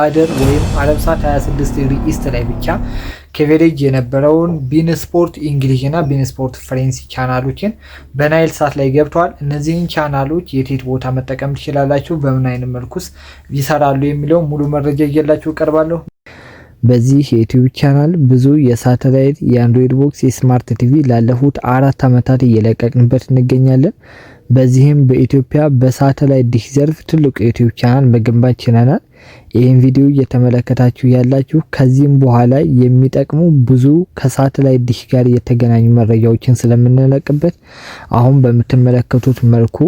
ባደር ወይም ዓለም ሰዓት 26 ዲግሪ ኢስት ላይ ብቻ ከቬሌጅ የነበረውን ቢንስፖርት እንግሊሽ እና ቢንስፖርት ፍሬንሲ ቻናሎችን በናይል ሳት ላይ ገብተዋል። እነዚህን ቻናሎች የቴት ቦታ መጠቀም ትችላላችሁ፣ በምን አይነት መልኩስ ይሰራሉ የሚለው ሙሉ መረጃ እየላችሁ እቀርባለሁ። በዚህ የዩቲዩብ ቻናል ብዙ የሳተላይት የአንድሮይድ ቦክስ፣ የስማርት ቲቪ ላለፉት አራት ዓመታት እየለቀቅንበት እንገኛለን። በዚህም በኢትዮጵያ በሳተላይት ዲሽ ዘርፍ ትልቁ ዩቲዩብ ቻናል መገንባት ችለናል። ይህን ቪዲዮ እየተመለከታችሁ ያላችሁ ከዚህም በኋላ የሚጠቅሙ ብዙ ከሳተላይት ዲሽ ጋር የተገናኙ መረጃዎችን ስለምንለቅበት አሁን በምትመለከቱት መልኩ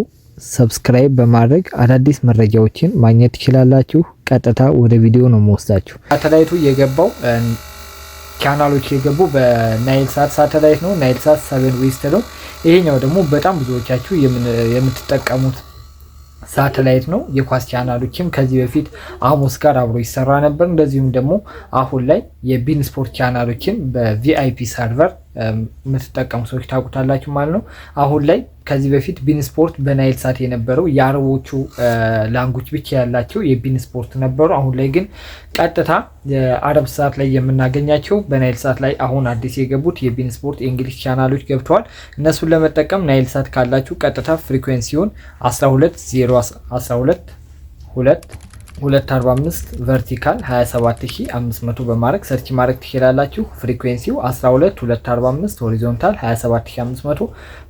ሰብስክራይብ በማድረግ አዳዲስ መረጃዎችን ማግኘት ትችላላችሁ። ቀጥታ ወደ ቪዲዮ ነው መወስዳችሁ። ሳተላይቱ የገባው ቻናሎች የገቡ በናይልሳት ሳተላይት ነው። ናይልሳት ሰቨን ዌስት ነው። ይሄኛው ደግሞ በጣም ብዙዎቻችሁ የምትጠቀሙት ሳተላይት ነው። የኳስ ቻናሎችም ከዚህ በፊት አሞስ ጋር አብሮ ይሰራ ነበር። እንደዚሁም ደግሞ አሁን ላይ የቢን ስፖርት ቻናሎችን በቪአይፒ ሰርቨር የምትጠቀሙ ሰዎች ታውቁታላችሁ ማለት ነው። አሁን ላይ ከዚህ በፊት ቢን ስፖርት በናይል ሳት የነበረው የአረቦቹ ላንጎች ብቻ ያላቸው የቢን ስፖርት ነበሩ። አሁን ላይ ግን ቀጥታ የአረብ ሰዓት ላይ የምናገኛቸው በናይል ሳት ላይ አሁን አዲስ የገቡት የቢን ስፖርት የእንግሊዝ ቻናሎች ገብተዋል። እነሱን ለመጠቀም ናይል ሳት ካላችሁ ቀጥታ ፍሪኩዌንሲውን 12 0 2 245 ቨርቲካል 27500 በማድረግ ሰርች ማድረግ ትችላላችሁ። ፍሪኩዌንሲው 12245 ሆሪዞንታል 27500።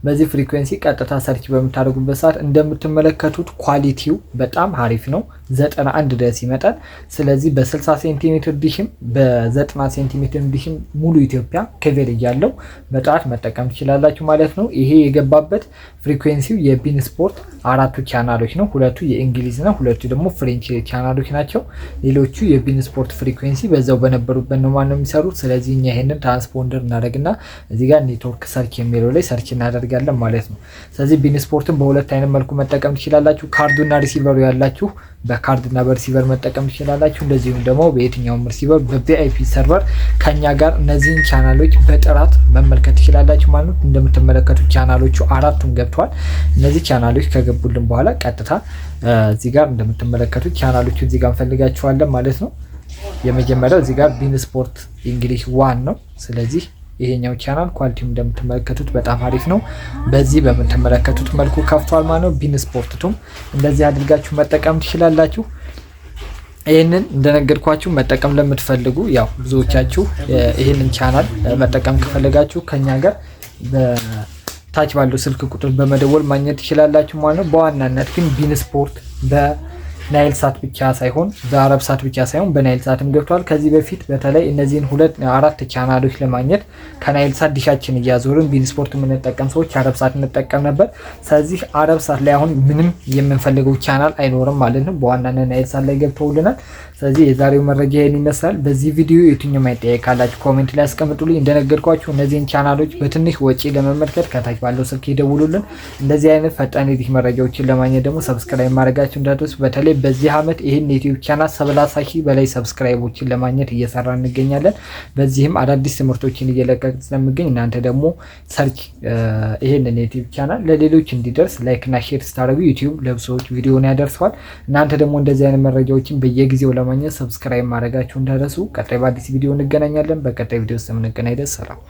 በዚህ ፍሪኩዌንሲ ቀጥታ ሰርች በምታደርጉበት ሰዓት እንደምትመለከቱት ኳሊቲው በጣም አሪፍ ነው፣ 91 ድረስ ይመጣል። ስለዚህ በ60 ሴንቲሜትር ዲሽም በ90 ሴንቲሜትር ዲሽም ሙሉ ኢትዮጵያ ከቬል ያለው በጥራት መጠቀም ትችላላችሁ ማለት ነው። ይሄ የገባበት ፍሪኩዌንሲው የቢን ስፖርት አራቱ ቻናሎች ነው። ሁለቱ የእንግሊዝና ሁለቱ ደግሞ ፍሬንች ቻናሎች ናቸው። ሌሎቹ የቢን ስፖርት ፍሪኩዌንሲ በዛው በነበሩበት ነው ማለት ነው የሚሰሩት። ስለዚህ እኛ ይሄንን ትራንስፖንደር እናደርግና እዚህ ጋር ኔትወርክ ሰርች የሚለው ላይ ሰርች እናደርጋለን ማለት ነው። ስለዚህ ቢን ስፖርትን በሁለት አይነት መልኩ መጠቀም ትችላላችሁ። ካርዱና ሪሲቨሩ ያላችሁ በካርድ በሪሲቨር መጠቀም ትችላላችሁ። እንደዚሁም ደግሞ በየትኛውም ሪሲቨር በቪአይፒ ሰርቨር ከኛ ጋር እነዚህን ቻናሎች በጥራት መመልከት ትችላላችሁ ማለት ነው። እንደምትመለከቱት ቻናሎቹ አራቱን ገብተዋል። እነዚህ ቻናሎች ከገቡልን በኋላ ቀጥታ እዚህ ጋር እንደምትመለከቱት ቻናል ቻናሎቹ እዚህ ጋር እንፈልጋቸዋለን ማለት ነው። የመጀመሪያው እዚህ ጋር ቢን ስፖርት እንግሊሽ ዋን ነው። ስለዚህ ይሄኛው ቻናል ኳሊቲው እንደምትመለከቱት በጣም አሪፍ ነው። በዚህ በምትመለከቱት መልኩ ከፍቷል ማለት ነው። ቢን ቱም እንደዚህ አድርጋችሁ መጠቀም ትችላላችሁ። ይህንን እንደነገርኳችሁ መጠቀም ለምትፈልጉ ያው ብዙዎቻችሁ ይህንን ቻናል መጠቀም ከፈለጋችሁ ከኛ ጋር በታች ባለው ስልክ ቁጥር በመደወል ማግኘት ትችላላችሁ ማለት ነው። በዋናነት ግን ቢን ስፖርት በ ናይል ሳት ብቻ ሳይሆን በአረብ ሳት ብቻ ሳይሆን በናይል ሳትም ገብቷል። ከዚህ በፊት በተለይ እነዚህን ሁለት አራት ቻናሎች ለማግኘት ከናይል ሳት ዲሻችን እያዞርን ቢንስፖርት የምንጠቀም ሰዎች አረብ ሳት እንጠቀም ነበር። ስለዚህ አረብ ሳት ላይ አሁን ምንም የምንፈልገው ቻናል አይኖርም ማለት ነው። በዋናነት ናይል ሳት ላይ ገብተውልናል። ስለዚህ የዛሬው መረጃ ይህን ይመስላል። በዚህ ቪዲዮ የትኛው አይጠየቅ ካላችሁ ኮሜንት ላይ አስቀምጡልኝ። እንደነገርኳችሁ እነዚህን ቻናሎች በትንሽ ወጪ ለመመልከት ከታች ባለው ስልክ ይደውሉልን። እንደዚህ አይነት ፈጣን የዚህ መረጃዎችን ለማግኘት ደግሞ ሰብስክራይብ ማድረጋችሁ እንዳትረሱ በተለይ በዚህ ዓመት ይህን የዩቲዩብ ቻናል ሰላሳ ሺህ በላይ ሰብስክራይቦችን ለማግኘት እየሰራ እንገኛለን። በዚህም አዳዲስ ትምህርቶችን እየለቀቅ ስለሚገኝ እናንተ ደግሞ ሰርች ይህንን የዩቲዩብ ቻናል ለሌሎች እንዲደርስ ላይክና ሼር ስታደርጉ ዩቲዩብ ለብዙዎች ቪዲዮን ያደርሰዋል። እናንተ ደግሞ እንደዚህ አይነት መረጃዎችን በየጊዜው ለማግኘት ሰብስክራይብ ማድረጋችሁ እንዳደረሱ። ቀጣይ በአዲስ ቪዲዮ እንገናኛለን። በቀጣይ ቪዲዮ ውስጥ የምንገናኝ ደስ ሰላም